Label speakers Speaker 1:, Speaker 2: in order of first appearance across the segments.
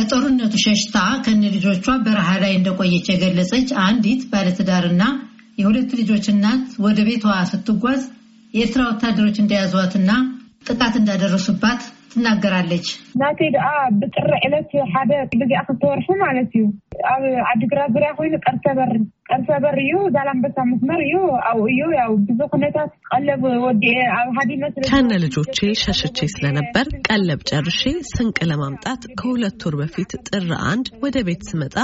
Speaker 1: ከጦርነቱ ሸሽታ ከነ ልጆቿ በረሃ ላይ እንደቆየች የገለጸች አንዲት ባለትዳርና የሁለት ልጆች እናት ወደ ቤቷ ስትጓዝ የኤርትራ ወታደሮች እንደያዟትና ጥቃት እንዳደረሱባት ትናገራለች። ናተይ ደኣ ብጥሪ ዕለት ሓደ ግዜኣ ክልተ ማለት እዩ ኣብ ዓዲግራት ዙርያ ኮይኑ ቀርሰበር ቀርሰበር
Speaker 2: እዩ ዛላንበሳ መስመር እዩ ኣብኡ እዩ ያው ብዙ ኩነታት ቀለብ ወዲአ ኣብ ሓዲመት
Speaker 3: ከነ ልጆቼ ሸሸቼ ስለነበር ቀለብ ጨርሼ ስንቅ ለማምጣት ከሁለት ወር በፊት ጥሪ አንድ ወደ ቤት ስመጣ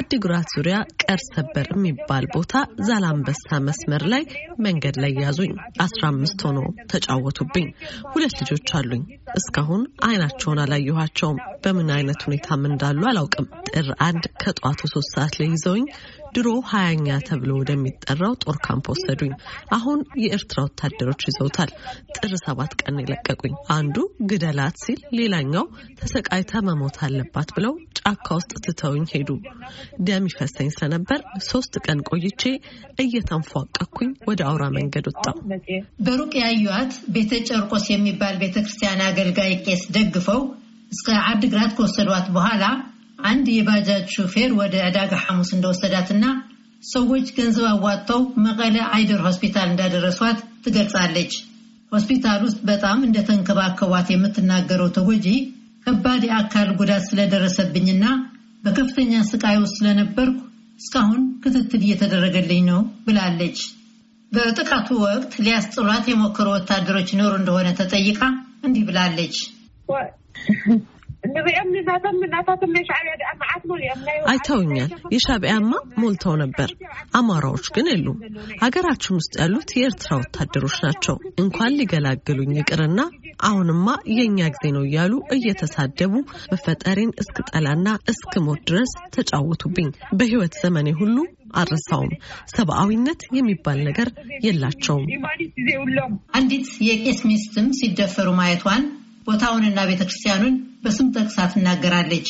Speaker 3: አዲግራት ዙሪያ ቀርሰበር የሚባል ቦታ ዛላንበሳ መስመር ላይ መንገድ ላይ ያዙኝ። አስራ አምስት ሆኖ ተጫወቱብኝ። ሁለት ልጆች አሉኝ። እስካሁን አይናቸውን አላየኋቸውም። በምን አይነት ሁኔታም እንዳሉ አላውቅም። ጥር አንድ ከጠዋቱ ሶስት ሰዓት ላይ ይዘውኝ ድሮ ሀያኛ ተብሎ ወደሚጠራው ጦር ካምፕ ወሰዱኝ። አሁን የኤርትራ ወታደሮች ይዘውታል። ጥር ሰባት ቀን የለቀቁኝ። አንዱ ግደላት ሲል፣ ሌላኛው ተሰቃይታ መሞት አለባት ብለው ጫካ ውስጥ ትተውኝ ሄዱ። ደም ይፈሰኝ ስለነበር ሶስት ቀን ቆይቼ እየተንፏቀኩኝ ወደ አውራ መንገድ ወጣው።
Speaker 1: በሩቅ ያዩዋት ቤተ ጨርቆስ የሚባል ቤተ ክርስቲያን አገልጋይ ቄስ ደግፈው እስከ ዓዲግራት ከወሰዷት በኋላ አንድ የባጃጅ ሹፌር ወደ ዕዳጋ ሐሙስ እንደወሰዳትና ሰዎች ገንዘብ አዋጥተው መቀለ አይደር ሆስፒታል እንዳደረሷት ትገልጻለች። ሆስፒታል ውስጥ በጣም እንደተንከባከቧት የምትናገረው ተጎጂ ከባድ የአካል ጉዳት ስለደረሰብኝና በከፍተኛ ስቃይ ውስጥ ስለነበርኩ እስካሁን ክትትል እየተደረገልኝ ነው ብላለች። በጥቃቱ ወቅት ሊያስጥሏት የሞከሩ ወታደሮች ኖሩ እንደሆነ ተጠይቃ እንዲህ ብላለች።
Speaker 3: አይተውኛል። የሻቢያማ ሞልተው ነበር። አማራዎች ግን የሉም። ሀገራችን ውስጥ ያሉት የኤርትራ ወታደሮች ናቸው። እንኳን ሊገላግሉኝ ይቅርና አሁንማ የእኛ ጊዜ ነው እያሉ እየተሳደቡ መፈጠሬን እስክ ሞት ድረስ ተጫወቱብኝ። በህይወት ዘመኔ ሁሉ አረሳውም ሰብአዊነት የሚባል ነገር የላቸውም።
Speaker 1: አንዲት የቄስ ሚስትም ሲደፈሩ ማየቷን ቦታውንና ቤተ ክርስቲያኑን በስም ጠቅሳ ትናገራለች።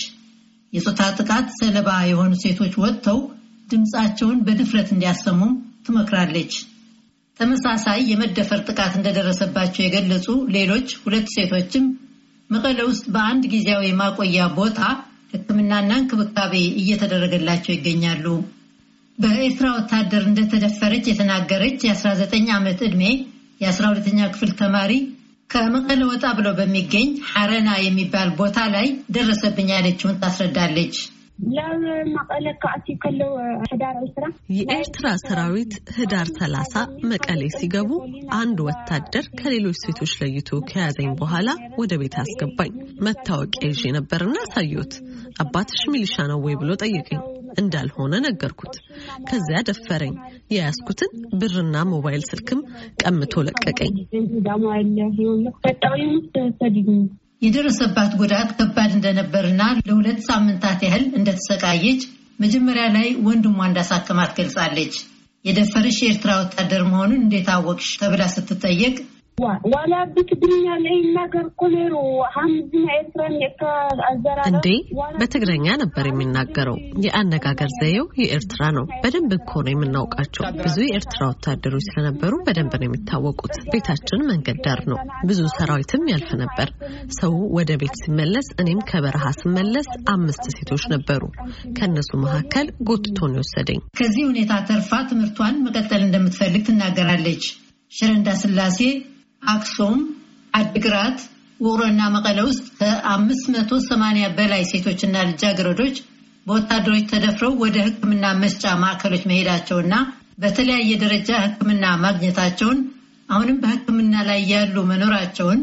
Speaker 1: የጾታ ጥቃት ሰለባ የሆኑ ሴቶች ወጥተው ድምፃቸውን በድፍረት እንዲያሰሙም ትመክራለች። ተመሳሳይ የመደፈር ጥቃት እንደደረሰባቸው የገለጹ ሌሎች ሁለት ሴቶችም መቀለ ውስጥ በአንድ ጊዜያዊ ማቆያ ቦታ ሕክምናና እንክብካቤ እየተደረገላቸው ይገኛሉ። በኤርትራ ወታደር እንደተደፈረች የተናገረች የ19 ዓመት ዕድሜ የ12ኛ ክፍል ተማሪ ከመቀለ ወጣ ብሎ በሚገኝ ሐረና የሚባል ቦታ ላይ ደረሰብኝ ያለችውን
Speaker 3: ታስረዳለች። የኤርትራ ሰራዊት ህዳር ሰላሳ መቀሌ ሲገቡ አንድ ወታደር ከሌሎች ሴቶች ለይቶ ከያዘኝ በኋላ ወደ ቤት አስገባኝ። መታወቂያ ይዤ ነበርና አሳየሁት። አባትሽ ሚሊሻ ነው ወይ ብሎ ጠየቀኝ። እንዳልሆነ ነገርኩት። ከዚያ ደፈረኝ። የያዝኩትን ብርና ሞባይል ስልክም ቀምቶ ለቀቀኝ።
Speaker 1: የደረሰባት ጉዳት ከባድ እንደነበርና ለሁለት ሳምንታት ያህል እንደተሰቃየች መጀመሪያ ላይ ወንድሟ እንዳሳከማት ገልጻለች። የደፈርሽ የኤርትራ ወታደር መሆኑን እንዴት አወቅሽ ተብላ ስትጠየቅ
Speaker 2: እንዴ
Speaker 3: በትግረኛ ነበር የሚናገረው። የአነጋገር ዘየው የኤርትራ ነው። በደንብ እኮ ነው የምናውቃቸው። ብዙ የኤርትራ ወታደሮች ስለነበሩ በደንብ ነው የሚታወቁት። ቤታችን መንገድ ዳር ነው። ብዙ ሰራዊትም ያልፍ ነበር። ሰው ወደ ቤት ሲመለስ፣ እኔም ከበረሃ ስመለስ አምስት ሴቶች ነበሩ። ከእነሱ መካከል ጎትቶን ይወሰደኝ
Speaker 1: ከዚህ ሁኔታ ተርፋ ትምህርቷን መቀጠል እንደምትፈልግ ትናገራለች ሽረንዳ ስላሴ። አክሱም፣ አድግራት፣ ውቅሮና መቀለ ውስጥ ከ580 በላይ ሴቶችና ልጃገረዶች በወታደሮች ተደፍረው ወደ ሕክምና መስጫ ማዕከሎች መሄዳቸውና በተለያየ ደረጃ ሕክምና ማግኘታቸውን አሁንም በሕክምና ላይ ያሉ መኖራቸውን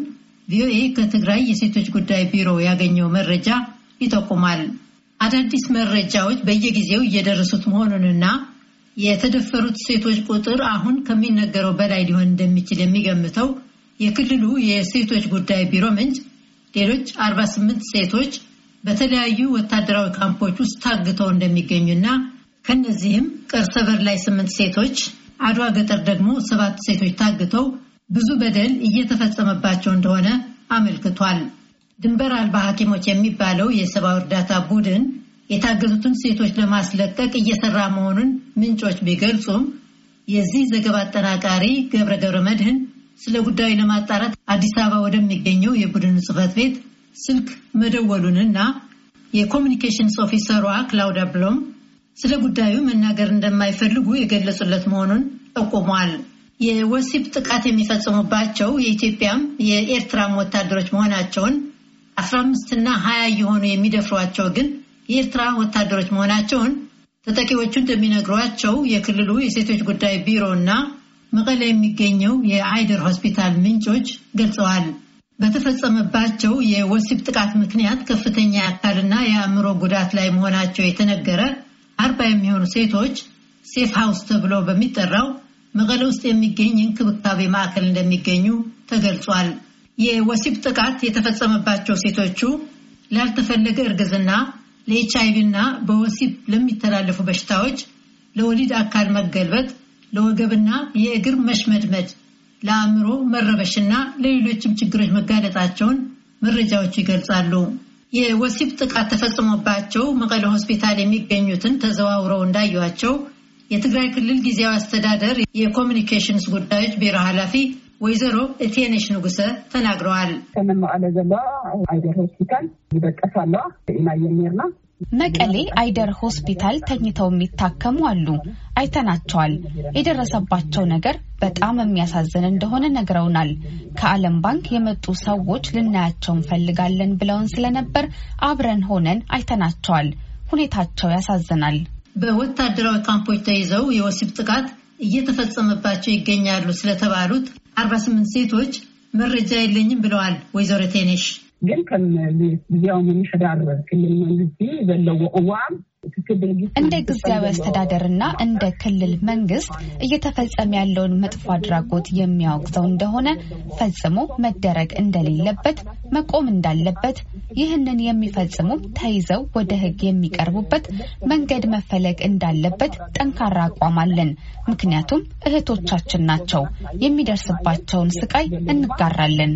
Speaker 1: ቪኦኤ ከትግራይ የሴቶች ጉዳይ ቢሮ ያገኘው መረጃ ይጠቁማል። አዳዲስ መረጃዎች በየጊዜው እየደረሱት መሆኑንና የተደፈሩት ሴቶች ቁጥር አሁን ከሚነገረው በላይ ሊሆን እንደሚችል የሚገምተው የክልሉ የሴቶች ጉዳይ ቢሮ ምንጭ ሌሎች 48 ሴቶች በተለያዩ ወታደራዊ ካምፖች ውስጥ ታግተው እንደሚገኙና ከነዚህም ቀርሰበር ላይ ስምንት ሴቶች፣ አድዋ ገጠር ደግሞ ሰባት ሴቶች ታግተው ብዙ በደል እየተፈጸመባቸው እንደሆነ አመልክቷል። ድንበር አልባ ሐኪሞች የሚባለው የሰብአዊ እርዳታ ቡድን የታገቱትን ሴቶች ለማስለቀቅ እየሰራ መሆኑን ምንጮች ቢገልጹም የዚህ ዘገባ አጠናቃሪ ገብረ ገብረ መድህን ስለ ጉዳዩ ለማጣራት አዲስ አበባ ወደሚገኘው የቡድን ጽህፈት ቤት ስልክ መደወሉንና የኮሚኒኬሽንስ ኦፊሰሯ ክላውዳ ብሎም ስለ ጉዳዩ መናገር እንደማይፈልጉ የገለጹለት መሆኑን ጠቁሟል። የወሲብ ጥቃት የሚፈጽሙባቸው የኢትዮጵያም የኤርትራም ወታደሮች መሆናቸውን አስራ አምስትና ሀያ የሆኑ የሚደፍሯቸው ግን የኤርትራ ወታደሮች መሆናቸውን ተጠቂዎቹ እንደሚነግሯቸው የክልሉ የሴቶች ጉዳይ ቢሮ እና መቀለ የሚገኘው የአይደር ሆስፒታል ምንጮች ገልጸዋል። በተፈጸመባቸው የወሲብ ጥቃት ምክንያት ከፍተኛ የአካልና የአእምሮ ጉዳት ላይ መሆናቸው የተነገረ አርባ የሚሆኑ ሴቶች ሴፍ ሃውስ ተብሎ በሚጠራው መቀለ ውስጥ የሚገኝ እንክብካቤ ማዕከል እንደሚገኙ ተገልጿል። የወሲብ ጥቃት የተፈጸመባቸው ሴቶቹ ላልተፈለገ እርግዝና፣ ለኤች አይቪ እና በወሲብ ለሚተላለፉ በሽታዎች፣ ለወሊድ አካል መገልበጥ ለወገብና የእግር መሽመድመድ፣ ለአእምሮ መረበሽና ለሌሎችም ችግሮች መጋለጣቸውን መረጃዎቹ ይገልጻሉ። የወሲብ ጥቃት ተፈጽሞባቸው መቀለ ሆስፒታል የሚገኙትን ተዘዋውረው እንዳዩቸው የትግራይ ክልል ጊዜያዊ አስተዳደር የኮሚኒኬሽንስ ጉዳዮች ቢሮ ኃላፊ ወይዘሮ እቴነሽ ንጉሰ ተናግረዋል። ከምን መቀለ ዘለዋ አይደር ሆስፒታል ይበቀሳለዋ ኢና የሚርና
Speaker 2: መቀሌ አይደር ሆስፒታል ተኝተው የሚታከሙ አሉ። አይተናቸዋል። የደረሰባቸው ነገር በጣም የሚያሳዝን እንደሆነ ነግረውናል። ከዓለም ባንክ የመጡ ሰዎች ልናያቸው እንፈልጋለን ብለውን ስለነበር አብረን ሆነን
Speaker 1: አይተናቸዋል። ሁኔታቸው ያሳዝናል። በወታደራዊ ካምፖች ተይዘው የወሲብ ጥቃት እየተፈጸመባቸው ይገኛሉ ስለተባሉት 48 ሴቶች መረጃ የለኝም ብለዋል ወይዘሮ ቴኔሽ ግን ከም ብዝያዊ መምሕዳር ክልል መንግስቲ
Speaker 2: ዘለዎ እዋን እንደ ጊዜያዊ አስተዳደርና እንደ ክልል መንግስት እየተፈጸመ ያለውን መጥፎ አድራጎት የሚያወግዘው እንደሆነ ፈጽሞ መደረግ እንደሌለበት መቆም እንዳለበት ይህንን የሚፈጽሙ ተይዘው ወደ ህግ የሚቀርቡበት መንገድ መፈለግ እንዳለበት ጠንካራ አቋም አለን። ምክንያቱም እህቶቻችን ናቸው። የሚደርስባቸውን ስቃይ እንጋራለን።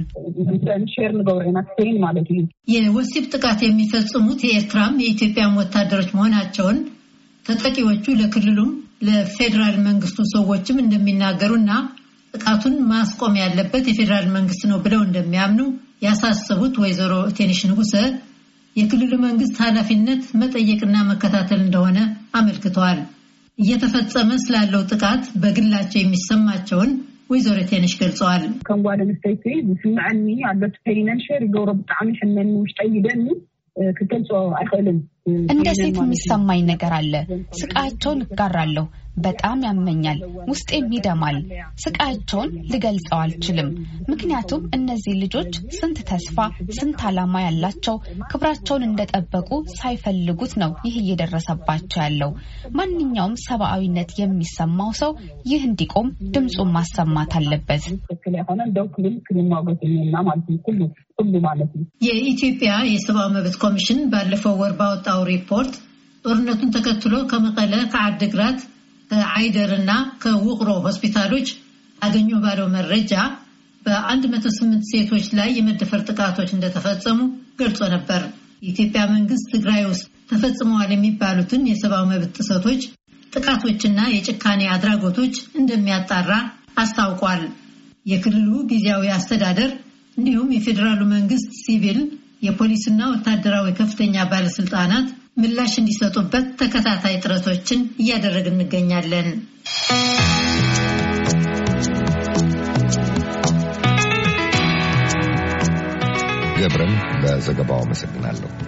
Speaker 1: የወሲብ ጥቃት የሚፈጽሙት የኤርትራም የኢትዮጵያን ወታደሮች መሆናቸው መሆናቸውን ተጠቂዎቹ ለክልሉም ለፌዴራል መንግስቱ ሰዎችም እንደሚናገሩና ጥቃቱን ማስቆም ያለበት የፌዴራል መንግስት ነው ብለው እንደሚያምኑ ያሳሰቡት ወይዘሮ እቴንሽ ንጉሰ የክልሉ መንግስት ኃላፊነት መጠየቅና መከታተል እንደሆነ አመልክተዋል። እየተፈጸመ ስላለው ጥቃት በግላቸው የሚሰማቸውን ወይዘሮ ቴንሽ ገልጸዋል። ከም ጓል ኣንስተይቲ ዝስምዐኒ ኣሎት ፈይናንሽር ይገብሮ ብጣዕሚ ሕመኒ ውሽጠይ ይደኒ ክትገልጾ አይክእልም።
Speaker 2: እንደ ሴት የሚሰማኝ ነገር አለ። ስቃያቸውን እጋራለሁ። በጣም ያመኛል፣ ውስጤም ይደማል። ስቃያቸውን ልገልጸው አልችልም። ምክንያቱም እነዚህ ልጆች ስንት ተስፋ፣ ስንት ዓላማ ያላቸው ክብራቸውን እንደጠበቁ ሳይፈልጉት ነው ይህ እየደረሰባቸው ያለው። ማንኛውም ሰብአዊነት የሚሰማው ሰው ይህ እንዲቆም ድምፁን ማሰማት አለበት።
Speaker 1: የኢትዮጵያ የሰብአዊ መብት ኮሚሽን ባለፈው ወር ባወጣው ሪፖርት ጦርነቱን ተከትሎ ከመቀለ ከአድግራት በአይደር እና ከውቅሮ ሆስፒታሎች አገኘ ባለው መረጃ በ108 ሴቶች ላይ የመደፈር ጥቃቶች እንደተፈጸሙ ገልጾ ነበር። የኢትዮጵያ መንግስት ትግራይ ውስጥ ተፈጽመዋል የሚባሉትን የሰብአዊ መብት ጥሰቶች፣ ጥቃቶችና የጭካኔ አድራጎቶች እንደሚያጣራ አስታውቋል። የክልሉ ጊዜያዊ አስተዳደር እንዲሁም የፌዴራሉ መንግስት ሲቪል የፖሊስና ወታደራዊ ከፍተኛ ባለስልጣናት ምላሽ እንዲሰጡበት ተከታታይ ጥረቶችን እያደረግን እንገኛለን።
Speaker 3: ገብረን ለዘገባው አመሰግናለሁ።